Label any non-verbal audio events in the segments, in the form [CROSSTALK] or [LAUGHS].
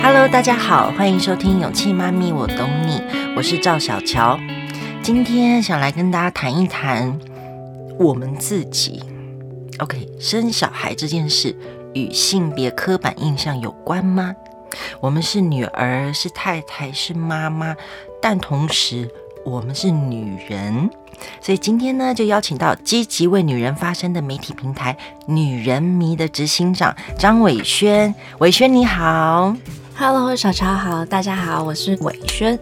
Hello，大家好，歡迎收聽《勇氣媽咪》，我懂你，我是趙小喬。今天想來跟大家談一談我們自己。OK，生小孩這件事與性別刻板印象有關嗎？我們是女兒，是太太，是媽媽，但同時。我們是女人，所以今天呢，就邀請到積極為女人發聲的媒體平台“女人迷”的執行長張瑋軒。瑋軒你好，Hello，小喬好，大家好，我是瑋軒。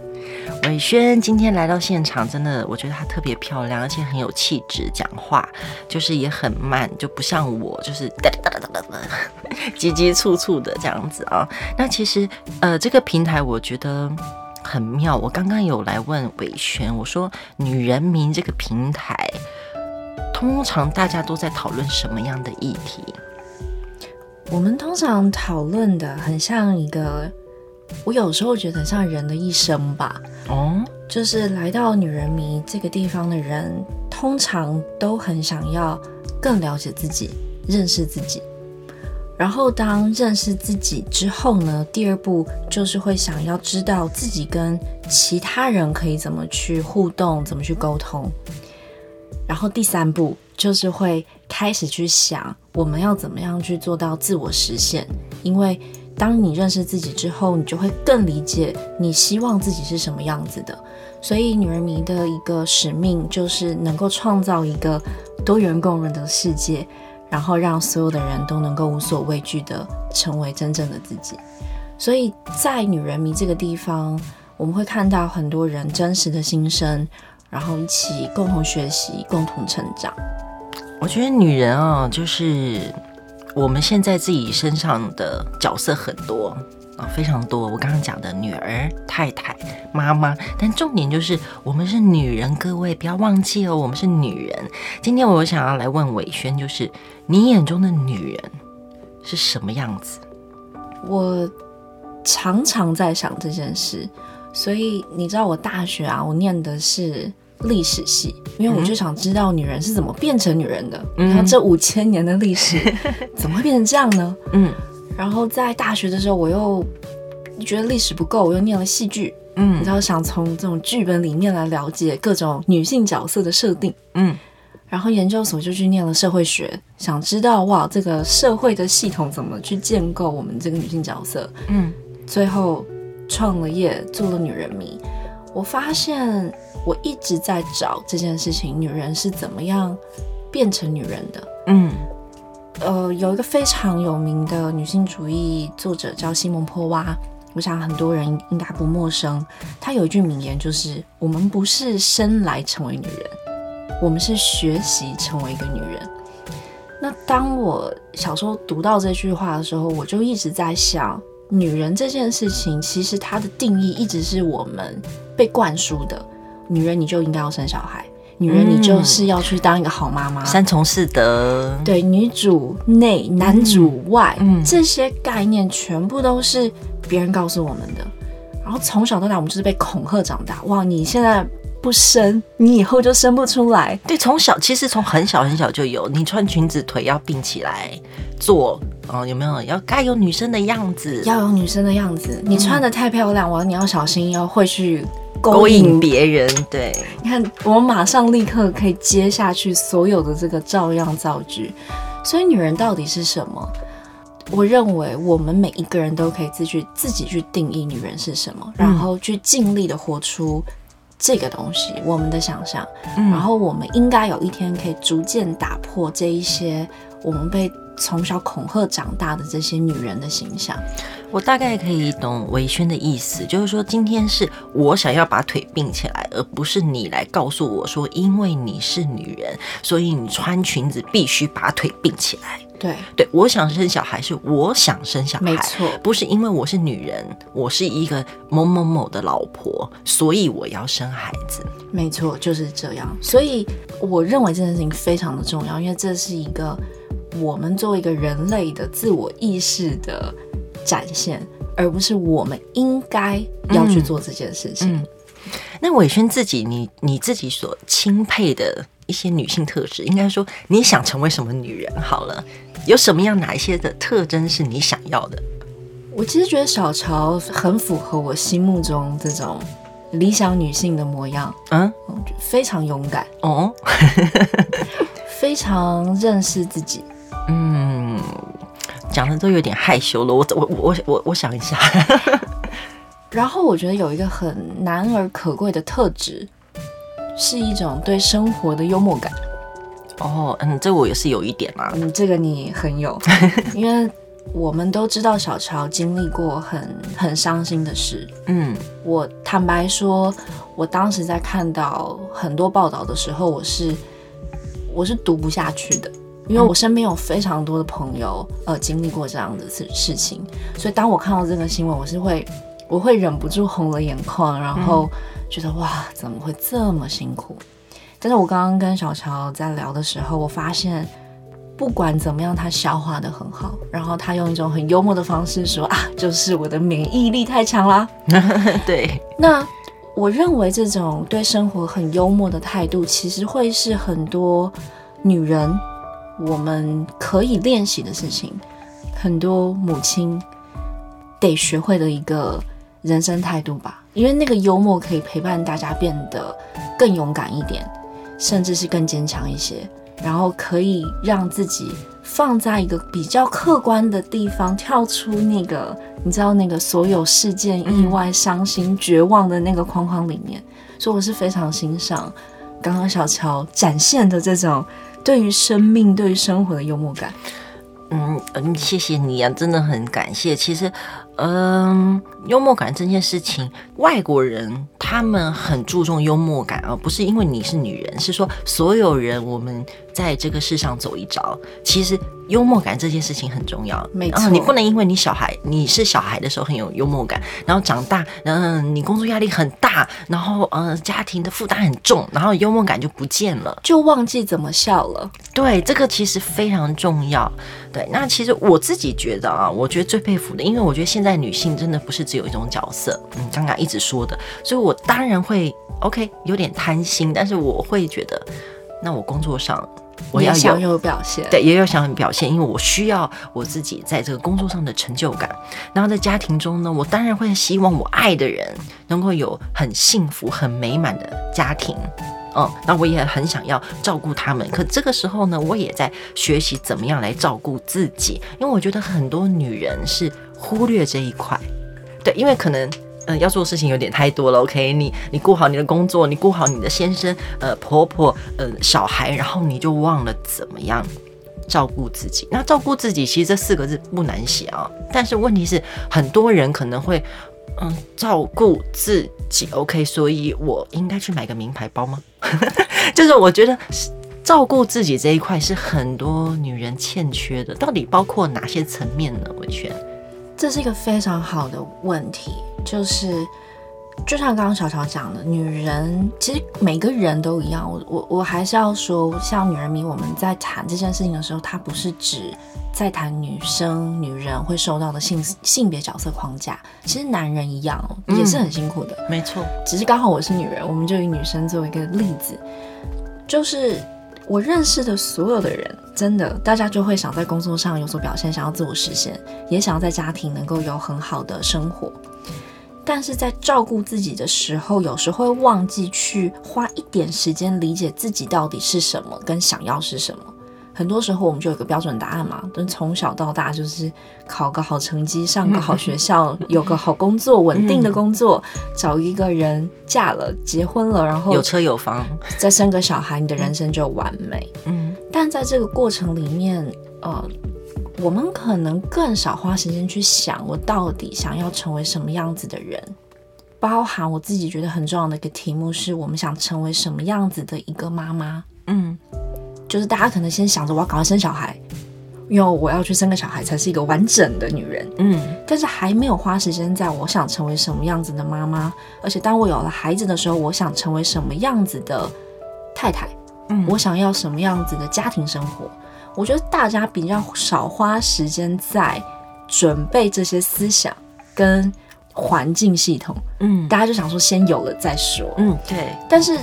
瑋軒今天來到現場，真的我覺得她特別漂亮，而且很有氣質，講話就是也很慢，就不像我就是噠噠噠噠噠噠，急急促促的這樣子啊。那其實呃，這個平台我覺得。很妙，我剛剛有來問瑋軒，我說“女人迷”這個平台，通常大家都在討論什麼樣的議題？我們通常討論的很像一個，我有時候覺得很像人的一生吧。哦、嗯，就是來到“女人迷”這個地方的人，通常都很想要更了解自己，認識自己。然後，當認識自己之後呢，第二步就是會想要知道自己跟其他人可以怎麼去互動，怎麼去溝通。然後第三步就是會開始去想，我們要怎麼樣去做到自我實現。因為當你認識自己之後，你就會更理解你希望自己是什麼樣子的。所以，女人迷的一個使命就是能夠創造一個多元共融的世界。然後讓所有的人都能夠無所畏懼的成為真正的自己，所以在女人迷這個地方，我們會看到很多人真實的心聲，然後一起共同學習，共同成長。我覺得女人啊、哦，就是我們現在自己身上的角色很多。啊、哦，非常多！我剛剛講的，女兒、太太、媽媽，但重點就是，我們是女人，各位不要忘記了、哦，我們是女人。今天我想要來問瑋軒，就是你眼中的女人是什麼樣子？我常常在想這件事，所以你知道，我大學啊，我念的是歷史系，因為我就想知道女人是怎麼變成女人的，嗯、然後這五千年的歷史怎麼會變成這樣呢？ [LAUGHS] 嗯。然後在大學的時候，我又覺得歷史不夠，我又念了戲劇，嗯，然後想從這種劇本裡面來了解各種女性角色的設定，嗯，然後研究所就去念了社會學，想知道哇，這個社會的系統怎麼去建構我們這個女性角色，嗯，最後創了業，做了女人迷，我發現我一直在找這件事情，女人是怎麼樣變成女人的，嗯。呃，有一個非常有名的女性主義作者叫西蒙波娃，我想很多人應該不陌生。她有一句名言，就是“我們不是生來成為女人，我們是學習成為一個女人。”那當我小時候讀到這句話的時候，我就一直在想，女人這件事情，其實它的定義一直是我們被灌輸的：女人你就應該要生小孩。女人，你就是要去當一個好媽媽、嗯，三從四德。對，女主內，男主、嗯、外，這些概念全部都是別人告訴我們的。然後從小到大，我們就是被恐嚇長大。哇，你現在不生，你以後就生不出來。對，從小其實從很小很小就有，你穿裙子腿要並起來坐，哦，有沒有要該有女生的樣子？要有女生的樣子。嗯、你穿得太漂亮，哇，你要小心，要會去。勾引，勾引別人，對，你看，我們馬上立刻可以接下去所有的這個照樣造句。所以女人到底是什麼？我認為我們每一個人都可以自己自己去定義女人是什麼，然後去盡力地活出這個東西，我們的想象。嗯、然後我們應該有一天可以逐漸打破這一些我們被。從小恐嚇長大的這些女人的形象，我大概可以懂瑋軒的意思，就是說今天是我想要把腿併起來，而不是你來告訴我說，因為你是女人，所以你穿裙子必須把腿併起來。對對，我想生小孩是我想生小孩，沒錯，不是因為我是女人，我是一個某某某的老婆，所以我要生孩子。沒錯，就是這樣。所以我認為這件事情非常的重要，因為這是一個。我們作為一個人類的自我意識的展現，而不是我們應該要去做這件事情。嗯嗯、那偉軒自己你，你你自己所欽佩的一些女性特質，應該說你想成為什麼女人？好了，有什麼樣哪一些的特徵是你想要的？我其實覺得小喬很符合我心目中這種理想女性的模樣。嗯，嗯，非常勇敢哦， [LAUGHS] 非常認識自己。嗯，講的都有點害羞了。我我我我我想一下。 [LAUGHS] 然後我覺得有一個很難而可貴的特質，是一種對生活的幽默感。哦，嗯，這我也是有一點嘛、啊。嗯，這個你很有。 [LAUGHS] 因為我們都知道小喬經歷過很很傷心的事。嗯，我坦白說，我當時在看到很多報道的時候，我是我是讀不下去的。因為我身邊有非常多的朋友，嗯、呃，經歷過這樣的事事情，所以當我看到這個新聞，我是會，我會忍不住紅了眼眶，然後覺得、嗯、哇，怎麼會這麼辛苦？但是我剛剛跟小喬在聊的時候，我發現不管怎麼樣，她消化得很好，然後她用一種很幽默的方式說啊，就是我的免疫力太強啦。 [LAUGHS] 對，那我認為這種對生活很幽默的態度，其實會是很多女人。我們可以練習的事情，很多母親得學會的一個人生態度吧，因為那個幽默可以陪伴大家變得更勇敢一點，甚至是更堅強一些，然後可以讓自己放在一個比較客觀的地方，跳出那個你知道那個所有事件、意外、傷心、絕望的那個框框裡面。嗯、所以我是非常欣賞剛剛小喬展現的這種。對於生命，對於生活的幽默感，嗯嗯，謝謝你啊，真的很感謝。其實，嗯。幽默感這件事情，外國人他們很注重幽默感，啊，而不是因為你是女人，是說所有人我們在這個世上走一遭，其實幽默感這件事情很重要，沒錯，啊。你不能因為你小孩你是小孩的時候很有幽默感，然後長大，嗯、呃，你工作壓力很大，然後嗯、呃，家庭的負擔很重，然後幽默感就不見了，就忘記怎麼笑了。對，這個其實非常重要。對，那其實我自己覺得啊，我覺得最佩服的，因為我覺得現在女性真的不是。有一種角色，嗯，剛剛一直說的，所以我當然會 OK，有點貪心，但是我會覺得，那我工作上我要有，也想有表現，對，也有想表現，因為我需要我自己在這個工作上的成就感。然後在家庭中呢，我當然會希望我愛的人能夠有很幸福、很美滿的家庭。嗯，那我也很想要照顧他們，可這個時候呢，我也在學習怎麼樣來照顧自己，因為我覺得很多女人是忽略這一塊。對，因為可能嗯、呃，要做的事情有點太多了，OK？你你顧好你的工作，你顧好你的先生、呃婆婆、呃小孩，然後你就忘了怎麼樣照顧自己。那照顧自己，其實這四個字不難寫啊、哦。但是問題是，很多人可能會嗯照顧自己，OK？所以我應該去買個名牌包嗎？ [LAUGHS] 就是我覺得照顧自己這一塊是很多女人欠缺的，到底包括哪些層面呢？瑋軒。這是一個非常好的問題，就是就像剛剛小喬講的，女人其實每個人都一樣。我我我還是要說，像女人迷，我們在談這件事情的時候，它不是只在談女生、女人會受到的性性別角色框架，其實男人一樣也是很辛苦的，嗯、沒錯。只是剛好我是女人，我們就以女生作為一個例子，就是。我認識的所有的人，真的，大家就會想在工作上有所表現，想要自我實現，也想要在家庭能夠有很好的生活。但是在照顧自己的時候，有時候會忘記去花一點時間理解自己到底是什麼，跟想要是什麼。很多時候我們就有一個標準答案嘛，從、就、從、是、小到大就是考個好成績，上個好學校，嗯、有個好工作，穩定的工作，嗯、找一個人嫁了，結婚了，然後有車有房，再生個小孩，你的人生就完美。嗯。但在這個過程裡面，呃，我們可能更少花時間去想，我到底想要成為什麼樣子的人，包含我自己覺得很重要的一個題目，是我們想成為什麼樣子的一個媽媽。嗯。就是大家可能先想着我要趕快生小孩，因為我要去生個小孩才是一個完整的女人。嗯，但是還沒有花時間在我想成為什麼樣子的媽媽，而且當我有了孩子的時候，我想成為什麼樣子的太太，嗯，我想要什麼樣子的家庭生活，我覺得大家比較少花時間在準備這些思想跟環境系統。嗯，大家就想說先有了再說。嗯，對。但是。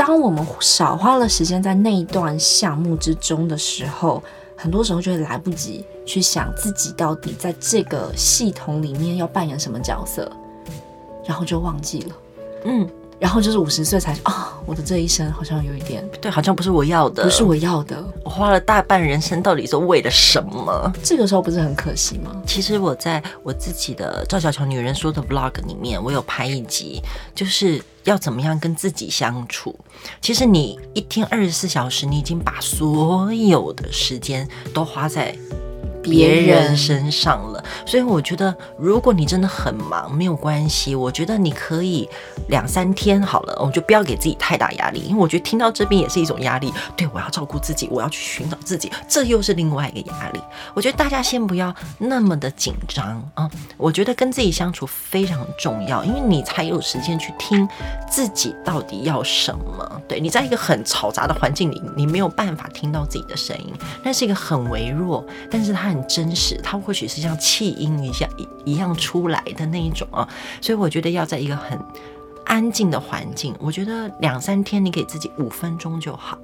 當我們少花了時間在那一段項目之中的時候，很多時候就會來不及去想自己到底在這個系統裡面要扮演什麼角色，然後就忘記了。嗯。然後就是五十歲才啊、哦，我的這一生好像有一點對，好像不是我要的，不是我要的。我花了大半人生，到底是為了什麼？這個時候不是很可惜嗎？其實我在我自己的《趙小喬女人說》的 Vlog 裡面，我有拍一集，就是要怎麼樣跟自己相處。其實你一天二十四小時，你已經把所有的時間都花在。別人，別人身上了，所以我覺得，如果你真的很忙，沒有關係。我覺得你可以兩三天好了，我們就不要給自己太大壓力，因為我覺得聽到這邊也是一種壓力。對，我要照顧自己，我要去尋找自己，這又是另外一個壓力。我覺得大家先不要那麼的緊張啊、嗯！我覺得跟自己相處非常重要，因為你才有時間去聽自己到底要什麼。對，你在一個很嘈雜的環境裡，你沒有辦法聽到自己的聲音，那是一個很微弱，但是它，它很真實，它或許是像氣音一樣一一樣出來的那一種啊，所以我覺得要在一個很安靜的環境，我覺得兩三天你給自己五分鐘就好。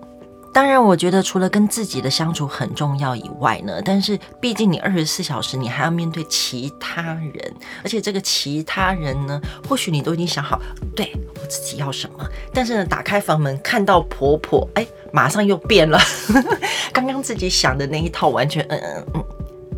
當然，我覺得除了跟自己的相處很重要以外呢，但是畢竟你二十四小時你還要面對其他人，而且這個其他人呢，或許你都已經想好對我自己要什麼，但是呢，打開房門看到婆婆，哎，馬上又變了，呵呵，剛剛自己想的那一套完全，嗯嗯嗯。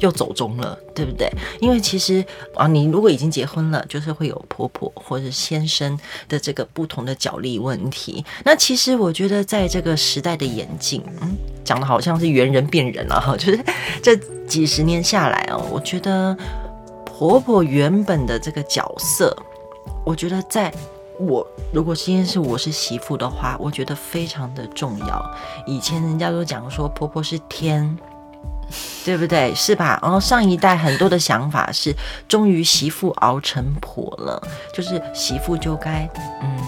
又走中了，對不對？因為其實啊，你如果已經結婚了，就是會有婆婆或者先生的這個不同的角力問題。那其實我覺得，在這個時代的演進，嗯，講得好像是猿人變人了，啊，哈。就是這幾十年下來哦，我覺得婆婆原本的這個角色，我覺得在我如果今天是我是媳婦的話，我覺得非常的重要。以前人家都講說婆婆是天。對不對？是吧？然後，哦，上一代很多的想法是，終於媳婦熬成婆了，就是媳婦就該嗯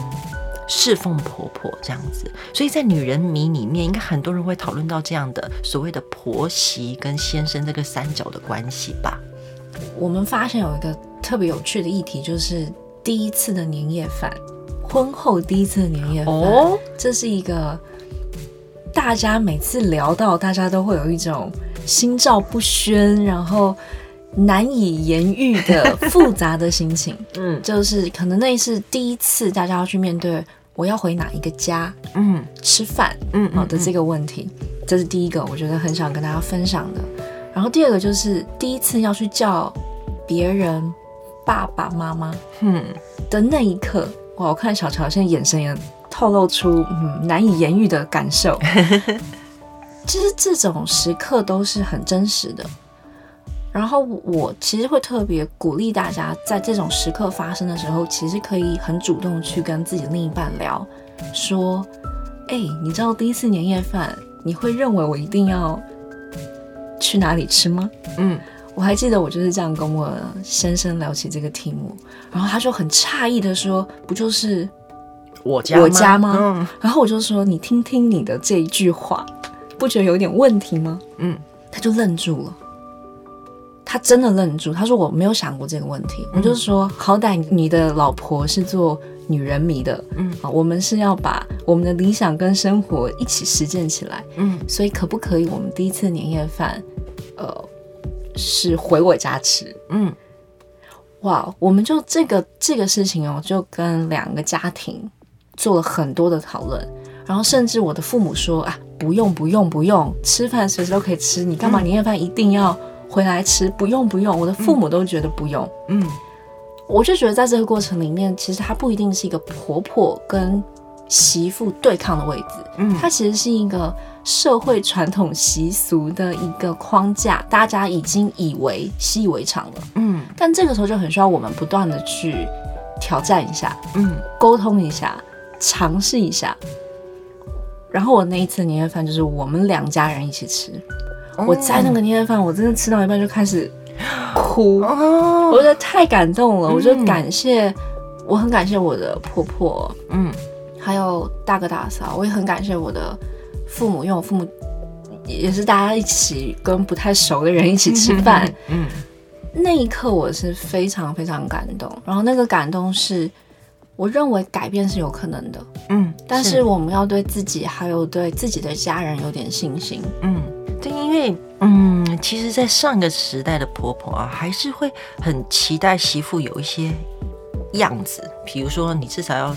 侍奉婆婆這樣子。所以在女人迷裡面，應該很多人會討論到這樣的所謂的婆媳跟先生這個三角的關係吧？我們發現有一個特別有趣的議題，就是第一次的年夜飯，婚後第一次的年夜飯，哦，這是一個大家每次聊到，大家都會有一種。心照不宣，然後難以言喻的複雜的心情， [LAUGHS] 嗯，就是可能那是第一次大家要去面對我要回哪一個家，嗯，吃飯，嗯，好的這個問題，嗯嗯嗯、這是第一個，我覺得很想跟大家分享的。然後第二個就是第一次要去叫別人爸爸媽媽，嗯，的那一刻，嗯、哇，我看小喬現在眼神也透露出、嗯、難以言喻的感受。 [LAUGHS] 其實這種時刻都是很真實的，然後我其實會特別鼓勵大家，在這種時刻發生的時候，其實可以很主動去跟自己另一半聊，說：“哎、欸，你知道第一次年夜飯，你會認為我一定要去哪裡吃嗎？”嗯，我還記得我就是這樣跟我先生聊起這個題目，然後他就很詫異的說：“不就是我家嗎？”嗯、然後我就說：“你聽聽你的這一句話。”不覺得有點問題嗎？嗯，他就愣住了，他真的愣住。他說：“我沒有想過這個問題。”我就是說，嗯、好歹你的老婆是做女人迷的，嗯啊，我們是要把我們的理想跟生活一起實踐起來，嗯。所以，可不可以我們第一次年夜飯，呃，是回我家吃？嗯，哇，wow, 我們就這個這個事情哦，就跟兩個家庭做了很多的討論，然後甚至我的父母說啊。不用不用不用，吃飯隨時都可以吃，你幹嘛年夜飯一定要回來吃？嗯，不用不用，我的父母都覺得不用。嗯，嗯，我就覺得在這個過程裡面，其實它不一定是一個婆婆跟媳婦對抗的位置，嗯，它其實是一個社會傳統習俗的一個框架，大家已經以為習以為常了，嗯，但這個時候就很需要我們不斷地去挑戰一下，嗯，溝通一下，嘗試一下。然後我那一次年夜飯就是我們兩家人一起吃，我在那個年夜飯，我真的吃到一半就開始哭，我覺得太感動了，我就感謝，我很感謝我的婆婆，嗯，還有大哥大嫂，我也很感謝我的父母，因為我父母也是大家一起跟不太熟的人一起吃飯，嗯，那一刻我是非常非常感動，然後那個感動是。我認為改變是有可能的，嗯，是，但是我們要對自己還有對自己的家人有點信心，嗯，對，因為，嗯，其實，在上個時代的婆婆啊，還是會很期待媳婦有一些樣子，比如說你至少要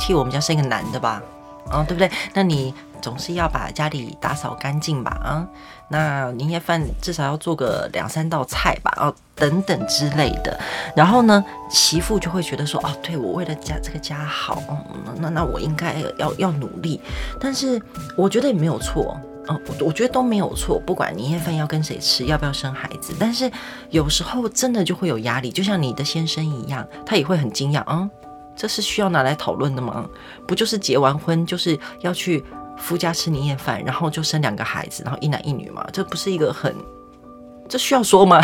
替我們家生一個男的吧，嗯，對不對？那你總是要把家裡打掃乾淨吧，啊、嗯。那年夜飯至少要做個兩三道菜吧，哦，等等之類的。然後呢，媳婦就會覺得說，哦，對，我為了家這個家好，嗯，哦，那那我應該要要努力。但是我覺得也沒有錯，嗯，我我覺得都沒有錯。不管年夜飯要跟誰吃，要不要生孩子，但是有時候真的就會有壓力。就像你的先生一樣，他也會很驚訝，嗯，這是需要拿來討論的嗎？不就是結完婚，就是要去。夫家吃年夜飯，然後就生兩個孩子，然後一男一女嘛，這不是一個很，這需要說嗎？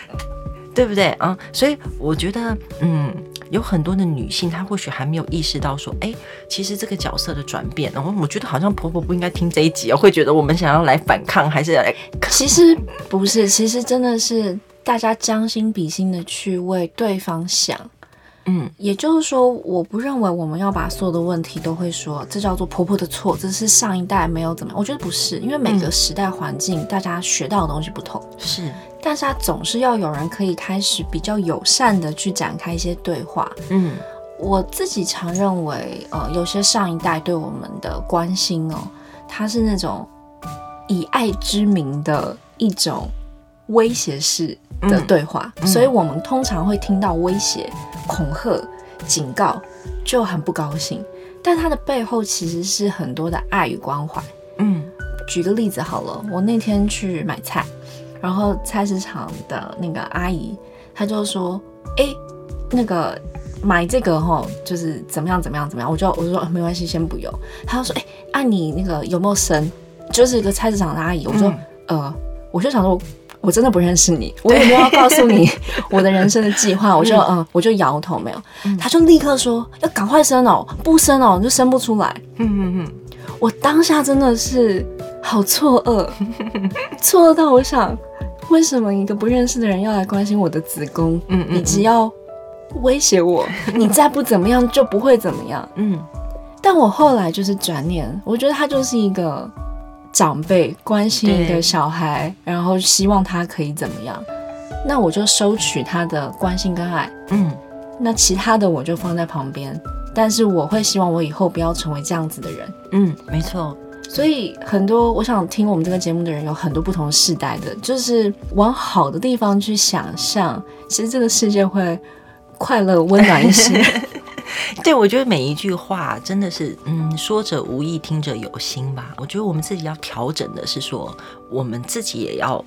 [LAUGHS] 對不對啊？嗯？所以我覺得，嗯，有很多的女性，她或許還沒有意識到說，哎、欸，其實這個角色的轉變，然後我覺得好像婆婆不應該聽這一集喔，會覺得我們想要來反抗，還是要來？其實不是，其實真的是大家將心比心的去為對方想。嗯，也就是說，我不認為我們要把所有的問題都會說，這叫做婆婆的錯，這是上一代沒有怎麼樣。我覺得不是，因為每個時代環境，嗯、大家學到的東西不同，是，但是，他總是要有人可以開始比較友善的去展開一些對話。嗯，我自己常認為，呃，有些上一代對我們的關心哦，他是那種以愛之名的一種。威脅式的對話，嗯嗯、所以我們通常會聽到威脅、恐嚇、警告，就很不高興。但它的背後其實是很多的愛與關懷。嗯，舉個例子好了，我那天去買菜，然後菜市場的那個阿姨，她就說：“哎、欸，那個買這個哈，就是怎麼樣怎麼樣怎麼樣。”我我就我說、呃、沒關係，先不用。她就說：“哎、欸，按、啊、你那個有沒有生？”就是一個菜市場的阿姨，我說：“嗯、呃，我就想說。”我真的不認識你，我也沒有要告訴你我的人生的計劃。對 [LAUGHS] 我就嗯，我就搖頭沒有。嗯、他就立刻說要趕快生哦、喔，不生哦、喔、你就生不出來。嗯嗯嗯，我當下真的是好錯愕，錯 [LAUGHS] 愕到我想，為什麼一個不認識的人要來關心我的子宮？嗯，嗯嗯，以及要威脅我，你再不怎麼樣就不會怎麼樣。嗯，但我後來就是轉念，我覺得他就是一個。長輩關心一個小孩，對然後希望他可以怎麼樣，那我就收取他的關心跟愛，嗯，那其他的我就放在旁邊，但是我會希望我以後不要成為這樣子的人，嗯，沒錯。所以很多我想聽我們這個節目的人有很多不同世代的，就是往好的地方去想象其實這個世界會快樂溫暖一些。 [LAUGHS] 對，我覺得每一句話真的是，嗯，說者無意，聽者有心吧。我覺得我們自己要調整的是說，我們自己也要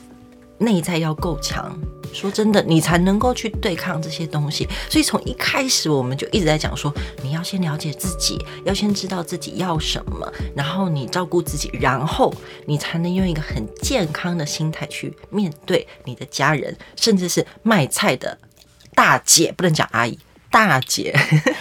內在要夠強。說真的，你才能夠去對抗這些東西。所以從一開始，我們就一直在講說，你要先了解自己，要先知道自己要什麼，然後你照顧自己，然後你才能用一個很健康的心態去面對你的家人，甚至是賣菜的大姐，不能講阿姨。大姐，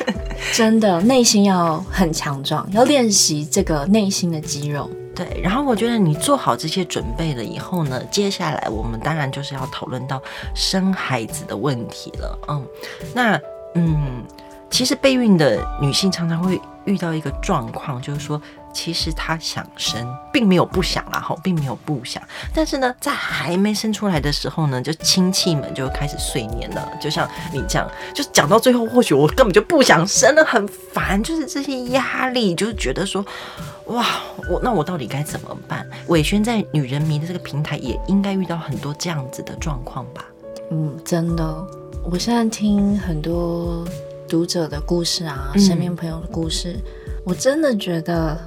[LAUGHS] 真的內心要很強壯，要練習這個內心的肌肉。對，然後我覺得你做好這些準備了以後呢，接下來我們當然就是要討論到生孩子的問題了。嗯，那嗯，其實備孕的女性常常會遇到一個狀況，就是說。其實他想生，並沒有不想啦，哈，並沒有不想。但是呢，在還沒生出來的時候呢，就親戚們就開始睡眠碎念了。就像你這樣，就講到最後，或許我根本就不想生了，很煩。就是這些壓力，就是覺得說，哇，我那我到底該怎麼辦？瑋軒在《女人迷》的這個平台，也應該遇到很多這樣子的狀況吧？嗯，真的。我現在聽很多讀者的故事啊，身邊朋友的故事，嗯、我真的覺得。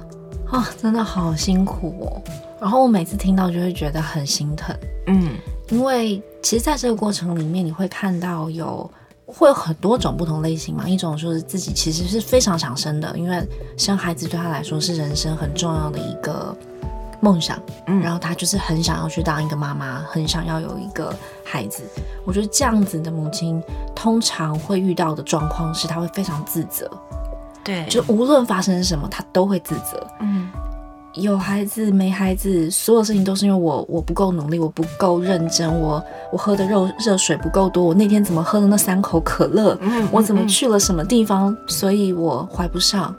啊、哦，真的好辛苦哦。然後我每次聽到就會覺得很心疼，嗯，因為其實在這個過程裡面，你會看到有會有很多種不同類型嘛。一種就是自己其實是非常想生的，因為生孩子對他來說是人生很重要的一個夢想，嗯，然後他就是很想要去當一個媽媽，很想要有一個孩子。我覺得這樣子的母親通常會遇到的狀況是，他會非常自責。對，就無論發生什麼，他都會自責。嗯，有孩子沒孩子，所有事情都是因為我我不夠努力，我不夠認真，我我喝的熱熱水不夠多，我那天怎麼喝的那三口可樂？嗯嗯嗯、我怎麼去了什麼地方？嗯嗯、所以我懷不上，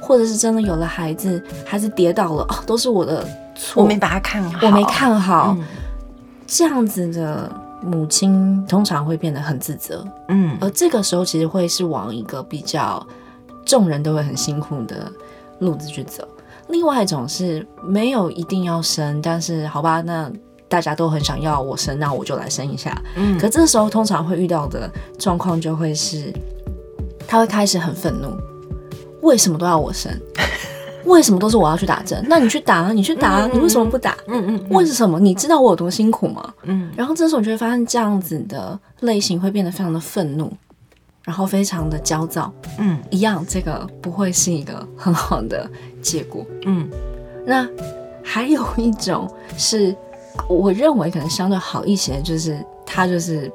或者是真的有了孩子，孩子跌倒了，哦、啊，都是我的錯，我沒把他看好，我沒看好。嗯、這樣子的母親通常會變得很自責。嗯，而這個時候其實會是往一個比較眾人都會很辛苦的路子去走。另外一種是沒有一定要生，但是好吧，那大家都很想要我生，那我就來生一下。嗯，可這時候通常會遇到的狀況就會是，他會開始很憤怒，為什麼都要我生？為什麼都是我要去打針？ [LAUGHS] 那你去打啊，你去打啊，你為什麼不打？嗯嗯，嗯嗯，為什麼？你知道我有多辛苦嗎？嗯，然後這時候你就會發現這樣子的類型會變得非常的憤怒。然後非常的焦躁，嗯，一樣，這個不會是一個很好的結果，嗯。那還有一種是，我認為可能相對好一些，就是他就是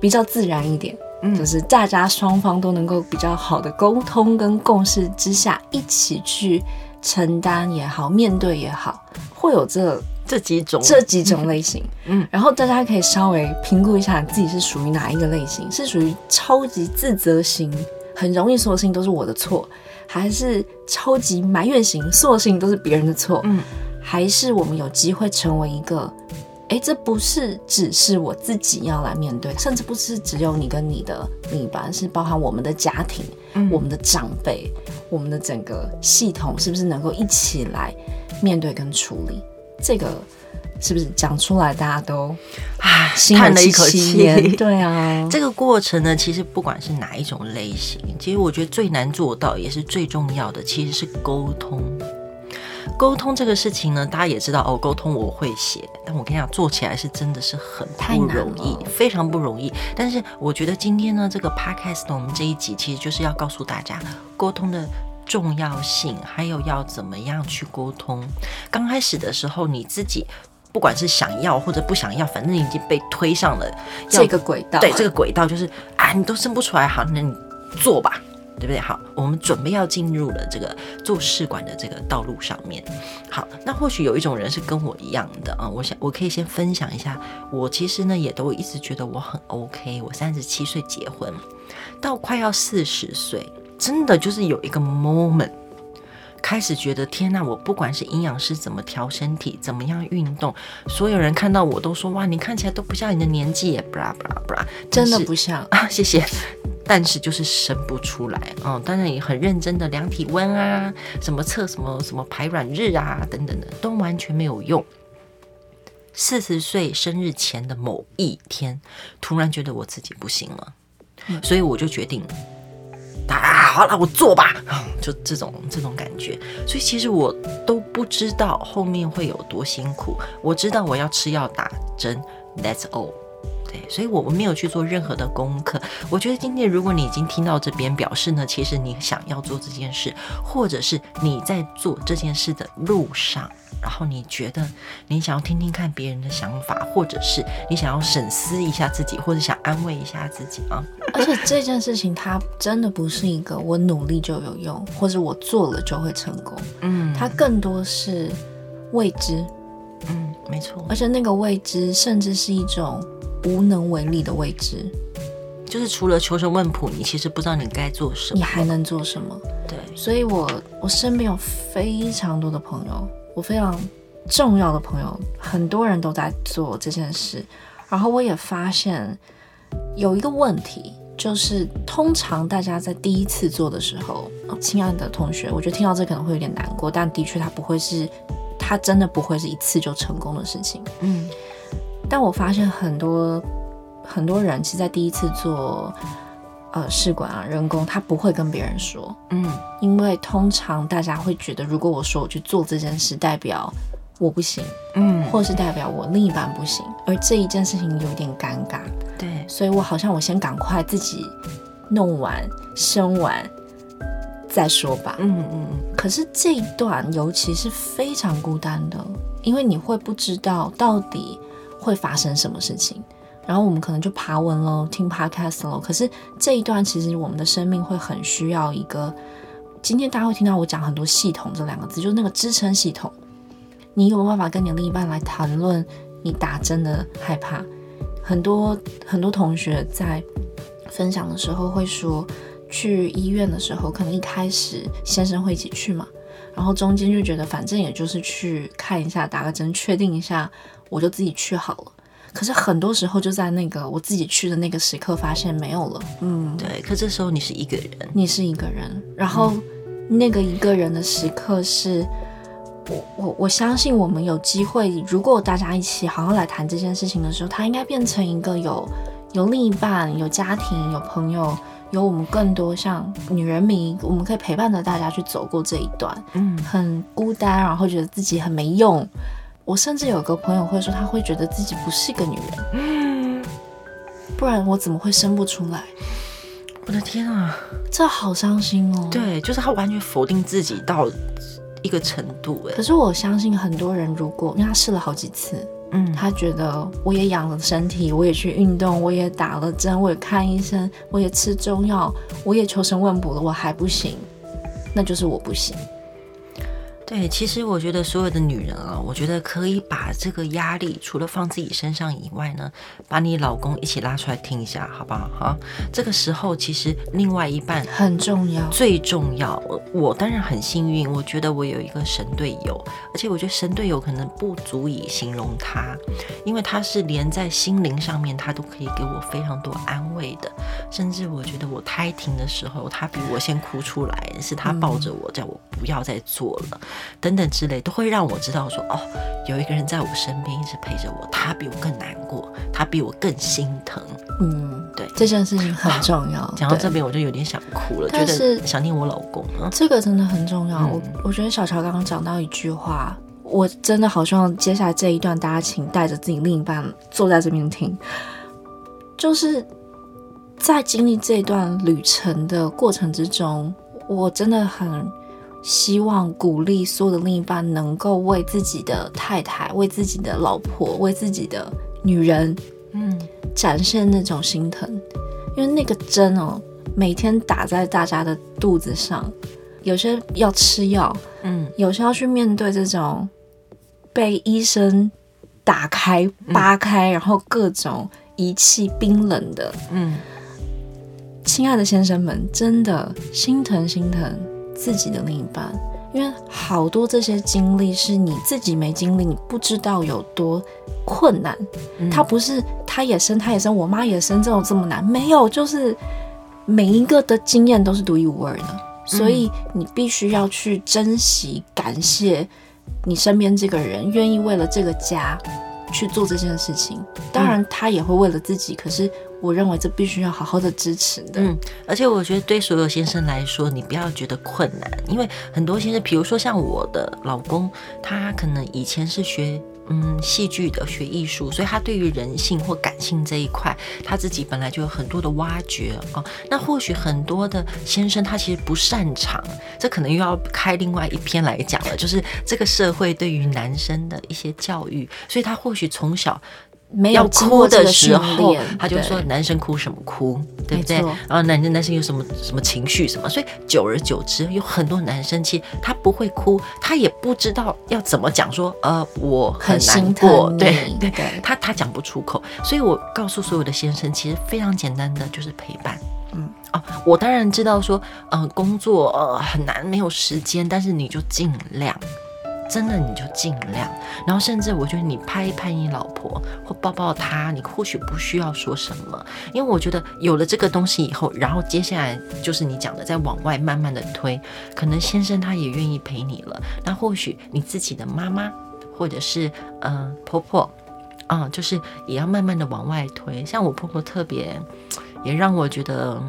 比較自然一點，嗯，就是大家雙方都能夠比較好的溝通跟共識之下，一起去承擔也好，面對也好，會有這。這幾種，這幾種類型，嗯，嗯，然後大家可以稍微評估一下自己是屬於哪一個類型：是屬於超級自責型，很容易所有事情都是我的錯；還是超級埋怨型，所有事情都是別人的錯？嗯，還是我們有機會成為一個，哎，這不是只是我自己要來面對，甚至不是只有你跟你的你吧，是包含我們的家庭、嗯、我們的長輩、我們的整個系統，是不是能夠一起來面對跟處理？這個是不是講出來大家都七七啊嘆了一口氣？對啊，這個過程呢，其實不管是哪一種類型，其實我覺得最難做到也是最重要的，其實是溝通。溝通這個事情呢，大家也知道哦，溝通我會寫，但我跟你講，做起來是真的是很不容易，非常不容易。但是我覺得今天呢，這個 Podcast 我們這一集，其實就是要告訴大家，溝通的，重要性，還有要怎麼樣去溝通？剛開始的時候，你自己不管是想要或者不想要，反正已經被推上了這個軌道。對，這個軌道就是啊，啊，你都生不出來，好，那你做吧，對不對？好，我們準備要進入了這個做試管的這個道路上面。好，那或許有一種人是跟我一樣的啊，我想我可以先分享一下，我其實呢也都一直覺得我很 OK，我三十七歲結婚，到快要四十歲。真的就是有一個 moment，開始覺得天哪！我不管是營養師怎麼調身體，怎麼樣運動，所有人看到我都說：哇，你看起來都不像你的年紀也 blah blah blah，真的不像啊！謝謝。但是就是生不出來哦、嗯。當然也很認真的量體溫啊，什麼測什麼什麼排卵日啊，等等的，都完全沒有用。四十歲生日前的某一天，突然覺得我自己不行了，所以我就決定。啊，好了，我做吧，就這種這種感覺，所以其實我都不知道後面會有多辛苦，我知道我要吃藥打針，That's all。所以，我我沒有去做任何的功課。我覺得今天，如果你已經聽到這邊，表示呢，其實你想要做這件事，或者是你在做這件事的路上，然後你覺得你想要聽聽看別人的想法，或者是你想要審視一下自己，或者想安慰一下自己啊。而且這件事情，它真的不是一個我努力就有用，或者我做了就會成功。嗯，它更多是未知。嗯，沒錯。而且那個未知，甚至是一種。無能為力的位置，就是除了求神問卜，你其實不知道你該做什麼，你還能做什麼？對，所以我我身邊有非常多的朋友，我非常重要的朋友，很多人都在做這件事。然後我也發現有一個問題，就是通常大家在第一次做的時候，親愛的同學，我覺得聽到這可能會有點難過，但的確它不會是，它真的不會是一次就成功的事情。嗯。但我發現很多很多人其實在第一次做呃試管啊人工，他不會跟別人說，嗯，因為通常大家會覺得，如果我說我去做這件事，代表我不行，嗯，或是代表我另一半不行，而這一件事情有點尷尬，對，所以我好像我先趕快自己弄完生完再說吧，嗯嗯嗯。可是這一段尤其是非常孤單的，因為你會不知道到底。會發生什麼事情？然後我們可能就爬文嘍，聽 podcast 嘍。可是這一段其實我們的生命會很需要一個。今天大家會聽到我講很多“系統”這兩個字，就是那個支撐系統。你有沒有辦法跟你另一半來談論你打針的害怕？很多很多同學在分享的時候會說，去醫院的時候可能一開始先生會一起去嘛，然後中間就覺得反正也就是去看一下，打個針，確定一下。我就自己去好了。可是很多時候就在那個我自己去的那個時刻，發現沒有了。嗯，對。可這時候你是一個人，你是一個人。然後那個一個人的時刻是，嗯、我我我相信我們有機會，如果大家一起好好來談這件事情的時候，他應該變成一個有有另一半、有家庭、有朋友、有我們更多像女人迷。我們可以陪伴着大家去走過這一段。嗯，很孤單，然後覺得自己很沒用。我甚至有個朋友會說，他會覺得自己不是一個女人，不然我怎麼會生不出來？我的天啊，這好傷心哦。對，就是他完全否定自己到一個程度誒，可是我相信很多人，如果因為他試了好幾次，嗯，他覺得我也養了身體，我也去運動，我也打了針，我也看醫生，我也吃中藥，我也求神問卜了，我還不行，那就是我不行。對，其實我覺得所有的女人啊，我覺得可以把這個壓力除了放自己身上以外呢，把你老公一起拉出來聽一下，好不好？好，這個時候其實另外一半很重要，最重要。我當然很幸運，我覺得我有一個神隊友，而且我覺得神隊友可能不足以形容他，因為他是連在心靈上面，他都可以給我非常多安慰的。甚至我覺得我胎停的時候，他比我先哭出來，是他抱着我，嗯、叫我不要再做了。等等之類都會讓我知道說，說哦，有一個人在我身邊一直陪着我，他比我更難過，他比我更心疼。嗯，對，這件事情很重要。啊、對講到這邊，我就有點想哭了，但是覺得想念我老公。啊、這個真的很重要。嗯、我我覺得小喬剛剛講到一句話，我真的好希望接下來這一段，大家請帶着自己另一半坐在這邊聽。就是在經歷這段旅程的過程之中，我真的很。希望鼓勵所有的另一半能夠為自己的太太、為自己的老婆、為自己的女人，嗯，展現那種心疼，因為那個針哦、喔，每天打在大家的肚子上，有些要吃藥，嗯，有時候要去面對這種被醫生打開、扒開，嗯、然後各種儀器冰冷的，嗯，親愛的先生們，真的心疼心疼，自己的另一半，因為好多這些經歷是你自己沒經歷，你不知道有多困難。他不是，他也生，他也生，我媽也生，這種這麼難。沒有，就是每一個的經驗都是獨一無二的，所以你必須要去珍惜、感謝你身邊這個人，願意為了這個家去做這件事情，當然他也會為了自己，嗯、可是我認為這必須要好好的支持的。嗯，而且我覺得對所有先生來說，你不要覺得困難，因為很多先生，比如說像我的老公，他可能以前是學。嗯，戲劇的學藝術，所以他對於人性或感性這一塊，他自己本來就有很多的挖掘啊、哦。那或許很多的先生他其實不擅長，這可能又要開另外一篇來講了。就是這個社會對於男生的一些教育，所以他或許從小。沒有要哭的時候，對他就說，男生哭什麼哭，對不對？錯然後男男生有什麼什麼情緒什麼，所以久而久之，有很多男生其實他不會哭，他也不知道要怎麼講說，呃，我很難過，對，對對，他他講不出口，所以我告訴所有的先生，其實非常簡單的就是陪伴，嗯哦、啊，我當然知道說，嗯、呃，工作呃很難沒有時間，但是你就盡量。真的，你就盡量，然後甚至我覺得你拍一拍你老婆，或抱抱她，你或許不需要說什麼，因為我覺得有了這個東西以後，然後接下來就是你講的，再往外慢慢的推，可能先生他也願意陪你了，那或許你自己的媽媽，或者是嗯、呃、婆婆，啊、嗯，就是也要慢慢的往外推，像我婆婆特別，也讓我覺得。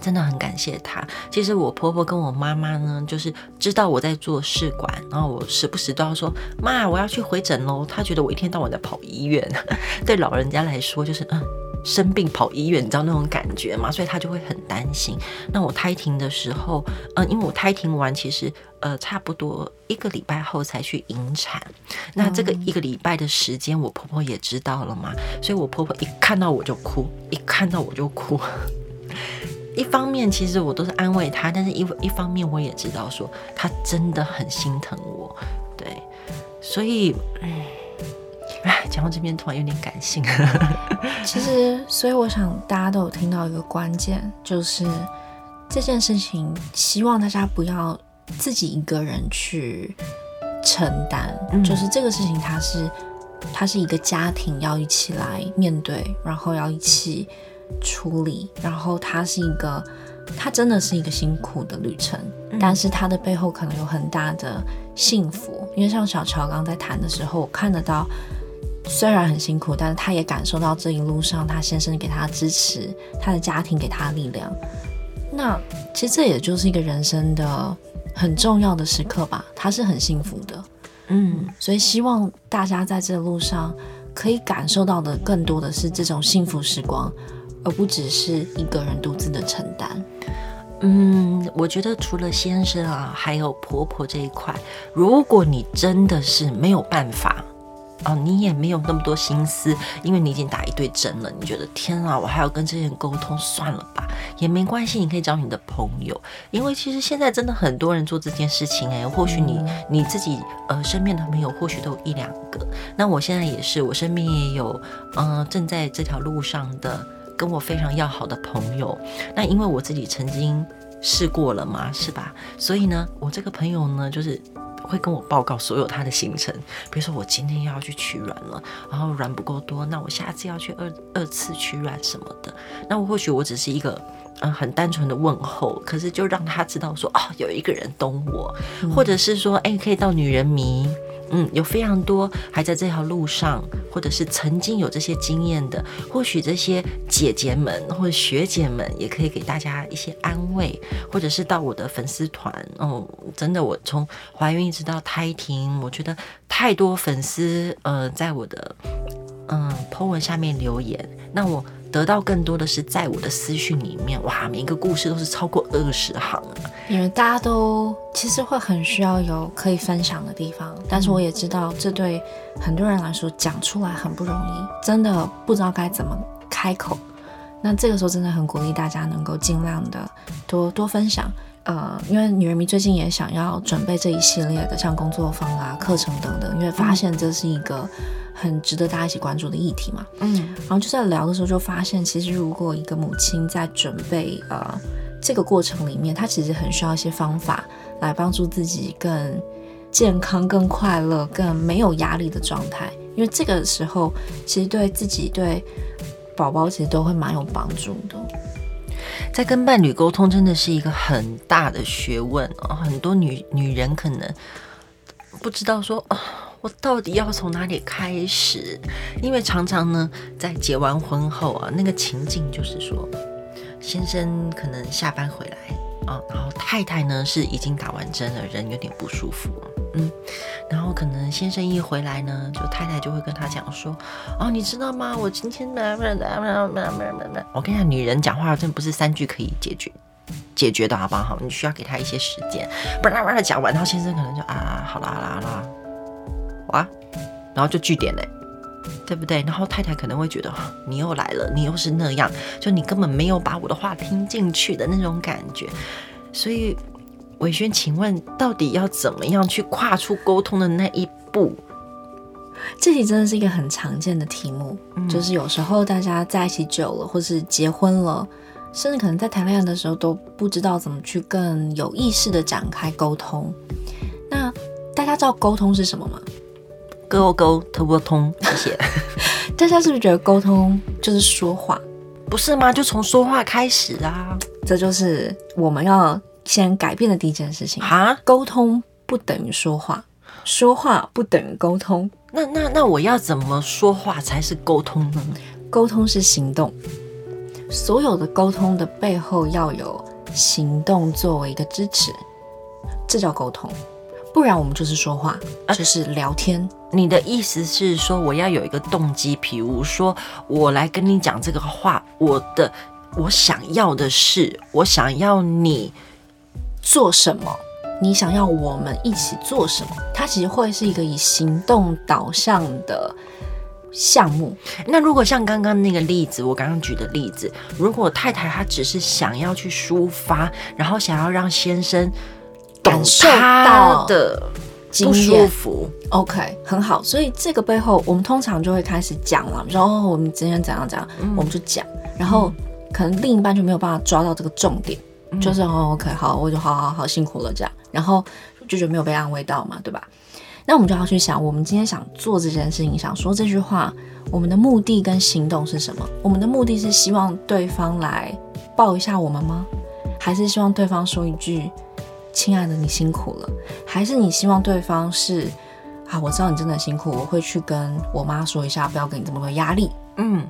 真的很感謝她。其實我婆婆跟我媽媽呢，就是知道我在做試管，然後我時不時都要說：“媽，我要去回診嘍。”她覺得我一天到晚在跑醫院， [LAUGHS] 對老人家來說就是嗯生病跑醫院，你知道那種感覺嘛？所以她就會很擔心。那我胎停的時候，嗯，因為我胎停完，其實呃差不多一個禮拜後才去引產。嗯、那這個一個禮拜的時間，我婆婆也知道了嘛，所以我婆婆一看到我就哭，一看到我就哭。一方面，其實我都是安慰他，但是一一方面，我也知道說他真的很心疼我，對，所以，嗯、哎，講到這邊突然有點感性。 [LAUGHS] 其實，所以我想大家都有聽到一個關鍵，就是這件事情，希望大家不要自己一個人去承擔，嗯、就是這個事情，它是它是一個家庭要一起來面對，然後要一起，處理，然後他是一個，他真的是一個辛苦的旅程，但是他的背後可能有很大的幸福。因為像小喬剛剛在談的時候，我看得到，雖然很辛苦，但是她也感受到這一路上她先生給她支持，她的家庭給她的力量。那其實這也就是一個人生的很重要的時刻吧。她是很幸福的，嗯，所以希望大家在這路上可以感受到的更多的是這種幸福時光。而不只是一個人獨自的承擔。嗯，我覺得除了先生啊，還有婆婆這一塊，如果你真的是沒有辦法哦、啊，你也沒有那麼多心思，因為你已經打一對針了。你覺得天啊，我還要跟這些人溝通，算了吧，也沒關係，你可以找你的朋友。因為其實現在真的很多人做這件事情、欸，誒，或許你你自己呃身邊的朋友，或許都有一兩個。那我現在也是，我身邊也有嗯、呃、正在這條路上的。跟我非常要好的朋友，那因為我自己曾經試過了嘛，是吧？所以呢，我這個朋友呢，就是會跟我報告所有他的行程，比如說我今天要去取卵了，然後卵不夠多，那我下次要去二二次取卵什麼的。那我或許我只是一個嗯、呃、很單純的問候，可是就讓他知道說哦，有一個人懂我，或者是說誒、欸，可以到女人迷。嗯，有非常多還在這條路上，或者是曾經有這些經驗的，或許這些姐姐們或者學姐們也可以給大家一些安慰，或者是到我的粉絲團哦，真的，我從懷孕一直到胎停，我覺得太多粉絲呃在我的嗯、呃、po 文下面留言，那我。得到更多的是在我的私訊裡面，哇，每一個故事都是超過二十行啊！因為大家都其實會很需要有可以分享的地方，但是我也知道這對很多人來說講出來很不容易，真的不知道該怎麼開口。那這個時候真的很鼓勵大家能夠盡量的多多分享，呃，因為女人迷最近也想要準備這一系列的像工作坊啊、課程等等，因為發現這是一個。很值得大家一起關注的議題嘛，嗯，然後就在聊的時候就發現，其實如果一個母親在準備呃這個過程裡面，她其實很需要一些方法來幫助自己更健康、更快樂、更沒有壓力的狀態，因為這個時候其實對自己、對寶寶其實都會蠻有幫助的。在跟伴侶溝通真的是一個很大的學問啊，哦。很多女女人可能不知道說，我到底要從哪裡開始？因為常常呢，在結完婚後啊，那個情境就是說，先生可能下班回來啊，然後太太呢是已經打完針了，人有點不舒服，嗯，然後可能先生一回來呢，就太太就會跟他講說，哦、啊，你知道嗎？我今天……我跟你講，女人講話真的不是三句可以解決解決的好不好，你需要給她一些時間，不然講完，然後先生可能就啊，好啦，好啦。好啦啊，然後就句點嘞，對不對？然後太太可能會覺得你又來了，你又是那樣，就你根本沒有把我的話聽進去的那種感覺。所以，瑋軒，請問到底要怎麼樣去跨出溝通的那一步？這題真的是一個很常見的題目，嗯、就是有時候大家在一起久了，或是結婚了，甚至可能在談戀愛的時候都不知道怎麼去更有意識的展開溝通。那大家知道溝通是什麼嗎？溝溝通通，謝謝。大家是不是覺得溝通就是說話，不是嗎？就從說話開始啊，這就是我們要先改變的第一件事情哈，蛤？溝通不等於說話，說話不等於溝通。那那那，那那我要怎麼說話才是溝通呢？溝通是行動，所有的溝通的背後要有行動作為一個支持，這叫溝通。不然我們就是說話，就是聊天。啊你的意思是說，我要有一個動機，譬如說，我來跟你講這個話，我的，我想要的是，我想要你做什麼，你想要我們一起做什麼？它其實會是一個以行動導向的項目。那如果像剛剛那個例子，我剛剛舉的例子，如果太太她只是想要去抒發，然後想要讓先生感受到的。不舒服，OK，很好，所以這個背後我們通常就會開始講了，然後、哦、我們今天怎樣怎樣，嗯、我們就講，然後可能另一半就沒有辦法抓到這個重點，嗯、就是說 OK，好，我就好好好，好辛苦了這樣，然後就覺得沒有被安慰到嘛，對吧？那我們就要去想，我們今天想做這件事情，想說這句話，我們的目的跟行動是什麼？我們的目的是希望對方來抱一下我們嗎？還是希望對方說一句？親愛的，你辛苦了，還是你希望對方是啊？我知道你真的辛苦，我會去跟我媽說一下，不要給你這麼多壓力。嗯，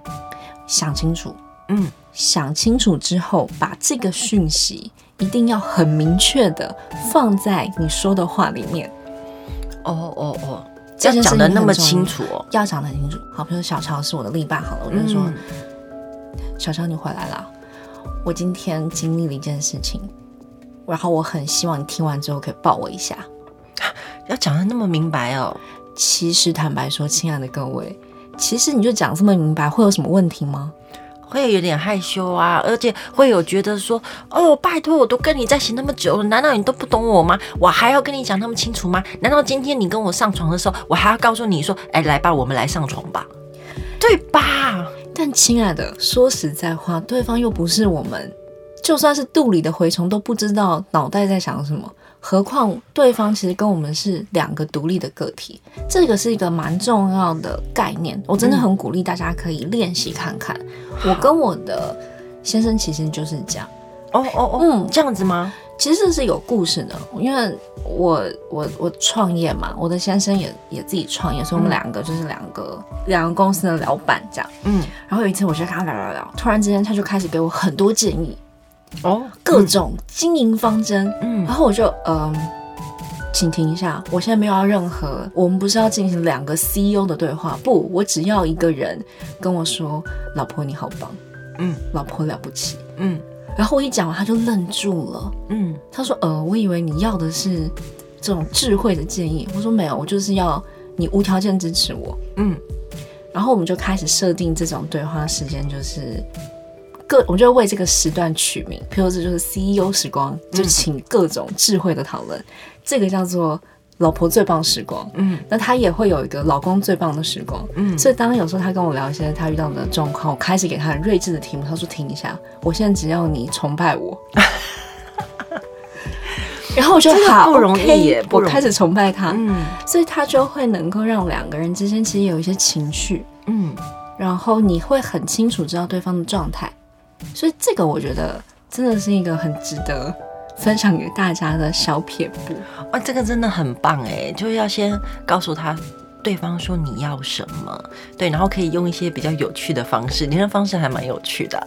想清楚，嗯，想清楚之後，把這個訊息一定要很明確的放在你說的話裡面。哦哦哦，oh, oh, oh, oh, 要講得那，那麼清楚哦，要講得清楚。好，比如說小喬是我的另一半，好了，我就說，嗯、小喬你回來了，我今天經歷了一件事情。然後我很希望你聽完之後可以抱我一下。要講得那麼明白哦？其實坦白說，親愛的各位，其實你就講這麼明白，會有什麼問題嗎？會有點害羞啊，而且會有覺得說，哦，拜託，我都跟你在一起那麼久了，難道你都不懂我嗎？我還要跟你講那麼清楚嗎？難道今天你跟我上床的時候，我還要告訴你說，哎，來吧，我們來上床吧，對吧？但親愛的，說實在話，對方又不是我們。就算是肚裡的蛔蟲都不知道腦袋在想什麼，何況對方其實跟我們是兩個獨立的個體，這個是一個蠻重要的概念。我真的很鼓勵大家可以練習看看。嗯、我跟我的先生其實就是這樣。哦哦哈、嗯、哦，嗯、哦，這樣子嗎？其實這是有故事的，因為我我我創業嘛，我的先生也也自己創業，所以我們兩個就是兩個、嗯、兩個公司的老板這樣。嗯，然後有一次我就跟他聊聊聊，突然之間他就開始給我很多建議。哦，嗯、各種經營方針，嗯，然後我就嗯、呃，請停一下，我現在沒有要任何，我們不是要進行兩個 CEO 的對話，不，我只要一個人跟我說，老婆你好棒，嗯，老婆了不起，嗯，然後我一講完，他就愣住了，嗯，他說呃，我以為你要的是這種智慧的建議，我說沒有，我就是要你無條件支持我，嗯，然後我們就開始設定這種對話時間，就是。各，我們就為這個時段取名，比如這就是 CEO 時光，就請各種智慧的討論。嗯，這個叫做老婆最棒時光，嗯，那他也會有一個老公最棒的時光，嗯。所以當有時候他跟我聊一些他遇到的狀況，嗯，我開始給他很睿智的題目，他說：“停一下，我現在只要你崇拜我。” [LAUGHS] 然後我就好，我不容易耶，不容易，我開始崇拜他，嗯，所以他就會能夠讓兩個人之間其實有一些情緒，嗯，然後你會很清楚知道對方的狀態。所以這個我覺得真的是一個很值得分享給大家的小撇步哦，這個真的很棒誒，就是要先告訴他，對方說你要什麼，對，然後可以用一些比較有趣的方式，你的方式還蠻有趣的，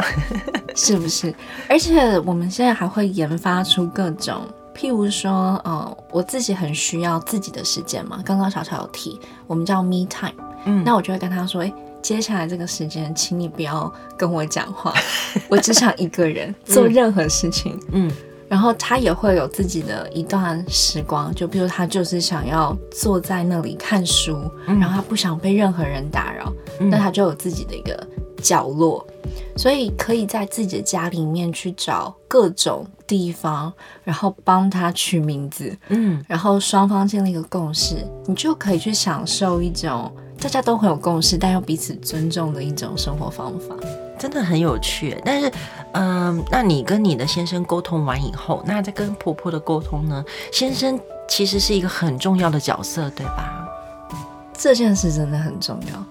是不是？而且我們現在還會研發出各種，譬如說，嗯、呃，我自己很需要自己的時間嘛，剛剛小喬有提，我們叫 me time，嗯，那我就會跟他說，誒、欸。接下來這個時間，請你不要跟我講話， [LAUGHS] 我只想一個人做任何事情。嗯，然後他也會有自己的一段時光，就比如他就是想要坐在那裡看書，嗯、然後他不想被任何人打擾，嗯、那他就有自己的一個角落，所以可以在自己的家裡面去找各種地方，然後幫他取名字。嗯，然後雙方建立一個共識，你就可以去享受一種。大家都很有共識，但要彼此尊重的一種生活方法，真的很有趣。但是，嗯、呃，那你跟你的先生溝通完以後，那再跟婆婆的溝通呢？先生其實是一個很重要的角色，對吧、嗯？這件事真的很重要。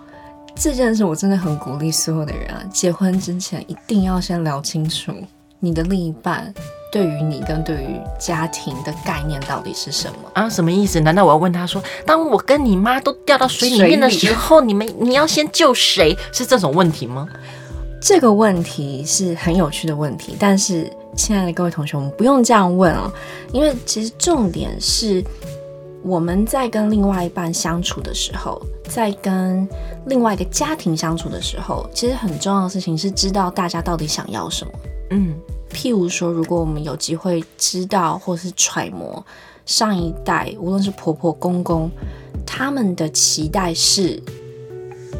這件事我真的很鼓勵所有的人啊，結婚之前一定要先聊清楚。你的另一半對於你跟對於家庭的概念到底是什麼啊？什麼意思？難道我要問他說，當我跟你媽都掉到水裡面的時候，里你們你要先救誰？是這種問題嗎？這個問題是很有趣的問題，但是親愛的各位同學，我們不用這樣問啊、哦，因為其實重點是我們在跟另外一半相處的時候，在跟另外一個家庭相處的時候，其實很重要的事情是知道大家到底想要什麼。嗯，譬如說，如果我們有機會知道或是揣摩上一代，無論是婆婆公公，他們的期待是，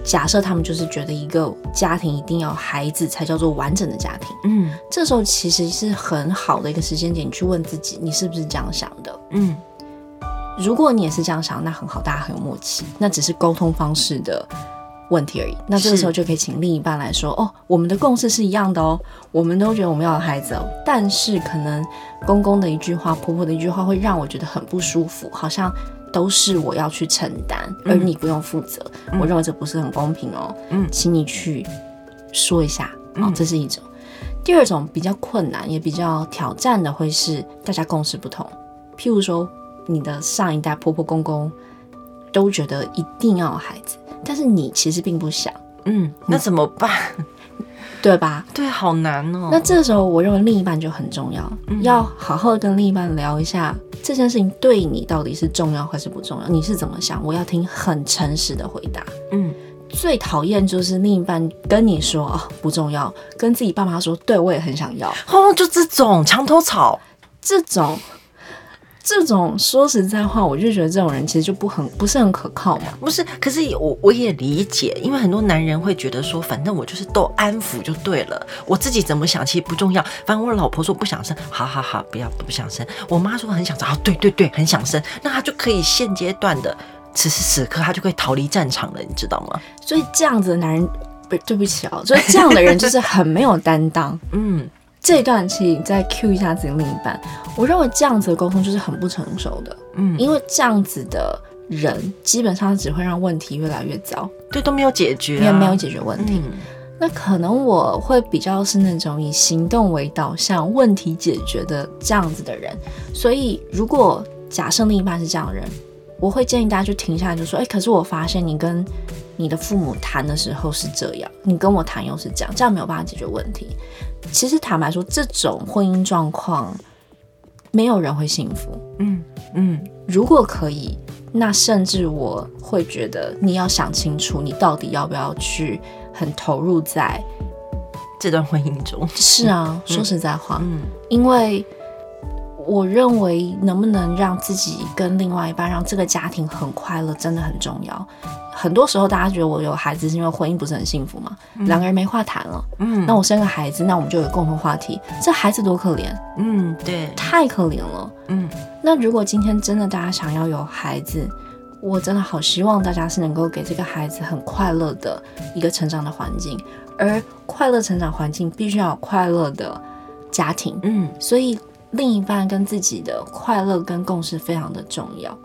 假設他們就是覺得一個家庭一定要孩子才叫做完整的家庭。嗯，這時候其實是很好的一個時間點，你去問自己，你是不是這樣想的？嗯，如果你也是這樣想，那很好，大家很有默契，那只是溝通方式的。嗯。問題而已。那這個時候就可以請另一半來說是哦，我們的共識是一樣的哦，我們都覺得我們要有孩子，哦，但是可能公公的一句話、婆婆的一句話會讓我覺得很不舒服，好像都是我要去承擔，而你不用負責。嗯，我認為這不是很公平哦。嗯，請你去說一下。嗯，哦，這是一種。第二種比較困難也比較挑戰的會是大家共識不同，譬如說你的上一代婆婆公公。都覺得一定要有孩子，但是你其實並不想，嗯，那怎麼辦？ [LAUGHS] 對吧？對，好難哦。那這時候，我認為另一半就很重要，嗯、要好好跟另一半聊一下這件事情對你到底是重要還是不重要，你是怎麼想？我要聽很誠實的回答。嗯，最討厭就是另一半跟你說、哦、不重要，跟自己爸媽說，對我也很想要哦，就這種牆頭草，這種。這種說實在話，我就覺得這種人其實就不很不是很可靠嘛。不是，可是我我也理解，因為很多男人會覺得說，反正我就是都安撫就對了，我自己怎麼想其實不重要。反正我老婆說不想生，好好好，不要不想生。我媽說很想生，對對對，很想生，那他就可以現階段的此時此刻，他就可以逃離戰場了，你知道嗎？所以這樣子的男人，不，對不起哦，所以這樣的人就是很沒有擔當。 [LAUGHS] 嗯。這段，其實再 Q 一下自己另一半。我認為這樣子的溝通就是很不成熟的，嗯，因為這樣子的人基本上只會讓問題越來越糟，對，都沒有解決、啊，也沒有解決問題。嗯、那可能我會比較是那種以行動為導向、像問題解決的這樣子的人。所以，如果假設另一半是這樣的人，我會建議大家就停下來，就說：“哎、欸，可是我發現你跟你的父母談的時候是這樣，你跟我談又是這樣，這樣沒有辦法解決問題。”其實坦白說，這種婚姻狀況，沒有人會幸福。嗯嗯，嗯，如果可以，那甚至我會覺得你要想清楚，你到底要不要去很投入在這段婚姻中。是啊，說實在話，嗯，嗯，因為我認為能不能讓自己跟另外一半，讓這個家庭很快樂，真的很重要。很多時候，大家覺得我有孩子是因為婚姻不是很幸福嘛？嗯、兩個人沒話談了。嗯，那我生個孩子，那我們就有共同話題。這孩子多可憐。嗯，對，太可憐了。嗯，那如果今天真的大家想要有孩子，我真的好希望大家是能夠給這個孩子很快樂的一個成長的環境。而快樂成長環境必須要有快樂的家庭。嗯，所以另一半跟自己的快樂跟共識非常的重要。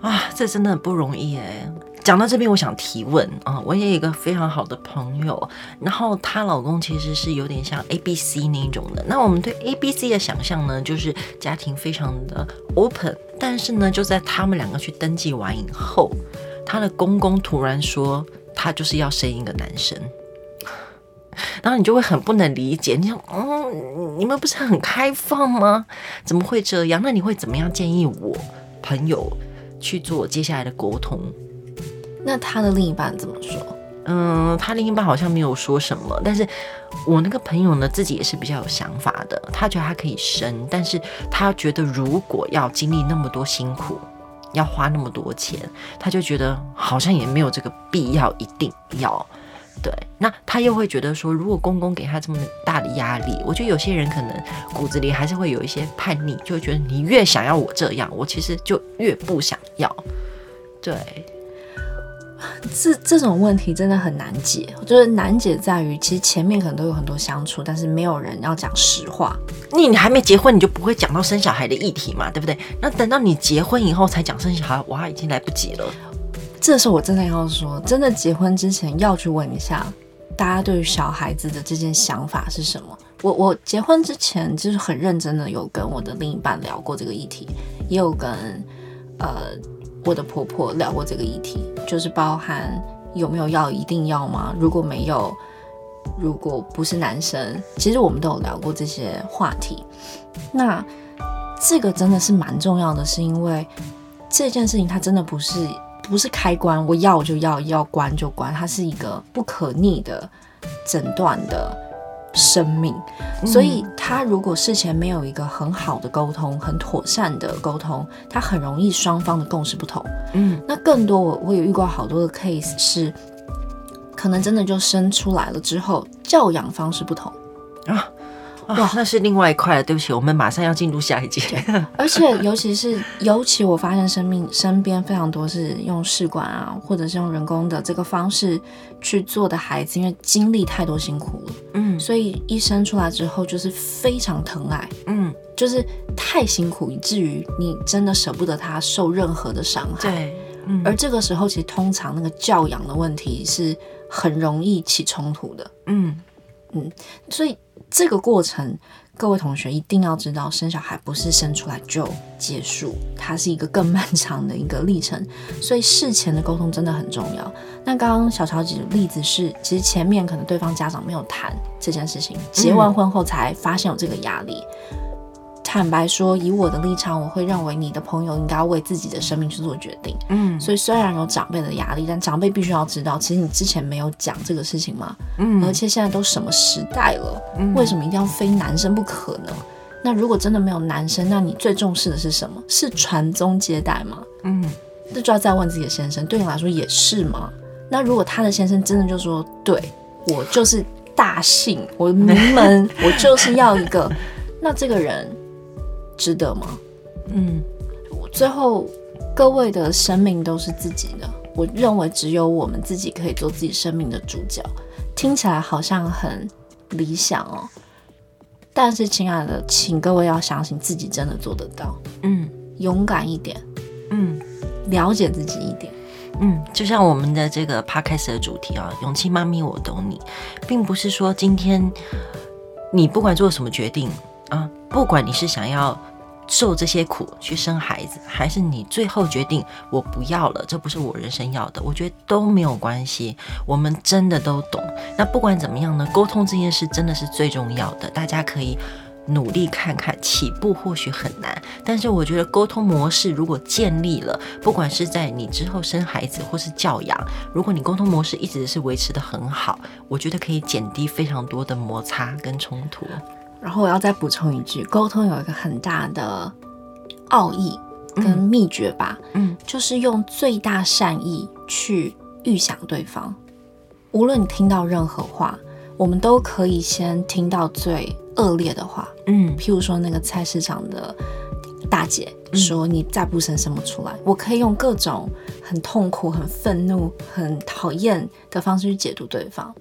啊，這真的很不容易哎、欸。講到這邊，我想提問啊、嗯，我也有一個非常好的朋友，然後她老公其實是有點像 ABC 那一種的。那我們對 ABC 的想象呢，就是家庭非常的 open，但是呢，就在他們兩個去登記完以後，她的公公突然說他就是要生一個男生，然後你就會很不能理解，你想，嗯，你們不是很開放嗎？怎麼會這樣？那你會怎麼樣建議我朋友去做接下來的溝通？那他的另一半怎麼說？嗯、呃，他另一半好像沒有說什麼。但是我那個朋友呢，自己也是比較有想法的。他覺得他可以生，但是他覺得如果要經歷那麼多辛苦，要花那麼多錢，他就覺得好像也沒有這個必要，一定要。對，那他又會覺得說，如果公公給他這麼大的壓力，我覺得有些人可能骨子裡還是會有一些叛逆，就會覺得你越想要我這樣，我其實就越不想要。對。這這種問題真的很難解，就是難解在於，其實前面可能都有很多相處，但是沒有人要講實話。你你還沒結婚，你就不會講到生小孩的議題嘛，對不對？那等到你結婚以後才講生小孩，哇，已經來不及了。這時候我真的要說，真的結婚之前要去問一下大家對於小孩子的這件想法是什麼。我我結婚之前就是很認真的有跟我的另一半聊過這個議題，也有跟呃。我的婆婆聊過這個議題，就是包含有沒有要一定要嗎？如果沒有，如果不是男生，其實我們都有聊過這些話題。那這個真的是蠻重要的是，是因為這件事情它真的不是，不是開關，我要就要，要關就關，它是一個不可逆的診斷的生命，所以他如果事前沒有一個很好的溝通，很妥善的溝通，他很容易雙方的共識不同。嗯，那更多我我有遇過好多的 case 是，可能真的就生出來了之後，教養方式不同啊。哦、那是另外一塊了，對不起，我們馬上要進入下一節。而且，尤其是 [LAUGHS] 尤其我發現，生命身邊非常多是用試管啊，或者是用人工的這個方式去做的孩子，因為經歷太多辛苦了，嗯，所以一生出來之後就是非常疼愛，嗯，就是太辛苦，以至於你真的捨不得他受任何的傷害，對，嗯、而這個時候，其實通常那個教養的問題是很容易起衝突的，嗯嗯，所以。這個過程，各位同學一定要知道，生小孩不是生出來就結束，它是一個更漫長的一個歷程，所以事前的溝通真的很重要。那剛剛小超舉的例子是，其實前面可能對方家長沒有談這件事情，結完婚後才發現有這個壓力。嗯坦白說，以我的立場，我會認為你的朋友應該要為自己的生命去做決定。嗯，所以雖然有長輩的壓力，但長輩必須要知道，其實你之前沒有講這個事情嗎？嗯，而且現在都什麼時代了，嗯、為什麼一定要非男生不可呢？嗯、那如果真的沒有男生，那你最重視的是什麼？是傳宗接代嗎？嗯，這就要再問自己的先生，對你來說也是嗎？那如果他的先生真的就說，對我就是大姓，我名門，我就是要一個， [LAUGHS] 那這個人。值得嗎？嗯，最後各位的生命都是自己的。我認為只有我們自己可以做自己生命的主角。聽起來好像很理想哦，但是親愛的，請各位要相信自己真的做得到。嗯，勇敢一點。嗯，了解自己一點。嗯，就像我們的這個 podcast 的主題啊、哦，“勇氣媽咪，我懂你”，並不是說今天你不管做什麼決定。啊、嗯，不管你是想要受這些苦去生孩子，還是你最後決定我不要了，這不是我人生要的，我覺得都沒有關係。我們真的都懂。那不管怎麼樣呢，溝通這件事真的是最重要的。大家可以努力看看，起步或許很難，但是我覺得溝通模式如果建立了，不管是在你之後生孩子或是教養，如果你溝通模式一直是維持得很好，我覺得可以減低非常多的摩擦跟衝突。然後我要再補充一句，溝通有一個很大的奧義跟秘訣吧，嗯，嗯，就是用最大善意去預想對方。無論你聽到任何話，我們都可以先聽到最惡劣的話，嗯，譬如說那個菜市場的大姐說你再不生什麼出來，嗯，我可以用各種很痛苦、很憤怒、很討厭的方式去解讀對方。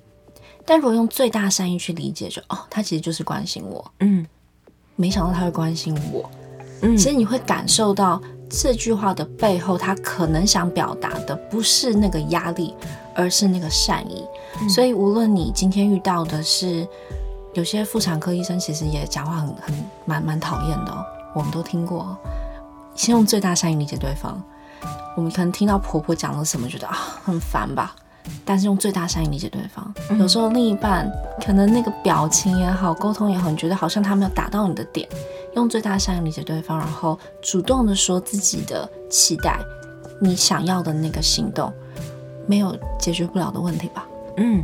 但如果用最大善意去理解，就哦，他其實就是關心我。嗯，沒想到他會關心我。嗯，其實你會感受到這句話的背後，他可能想表達的不是那個壓力，而是那個善意。嗯。所以無論你今天遇到的是，有些婦產科醫生其實也講話很很蠻蠻討厭的哦，我們都聽過。先用最大善意理解對方，我們可能聽到婆婆講了什麼，覺得啊很煩吧。但是用最大善意理解對方，嗯、有時候另一半可能那個表情也好，溝通也好，你覺得好像他沒有打到你的點。用最大善意理解對方，然後主動的說自己的期待，你想要的那個行動，沒有解決不了的問題吧？嗯，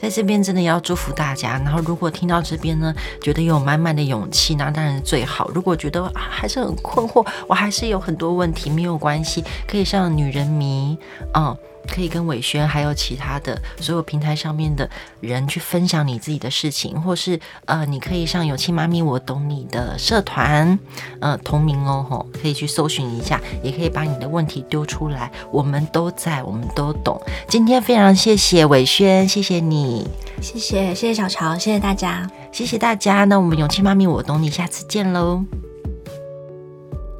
在這邊真的要祝福大家。然後如果聽到這邊呢，覺得有滿滿的勇氣，那當然是最好。如果覺得、啊、還是很困惑，我還是有很多問題，沒有關係，可以上女人迷，啊、哦。可以跟偉軒還有其他的所有平台上面的人去分享你自己的事情，或是呃，你可以上“勇氣媽咪我懂你”的社團，嗯、呃，同名哦吼，可以去搜尋一下，也可以把你的問題丟出來，我們都在，我們都懂。今天非常謝謝偉軒，謝謝你，謝謝謝謝小喬，謝謝大家，謝謝大家。那我們勇氣媽咪我懂你，下次見嘍。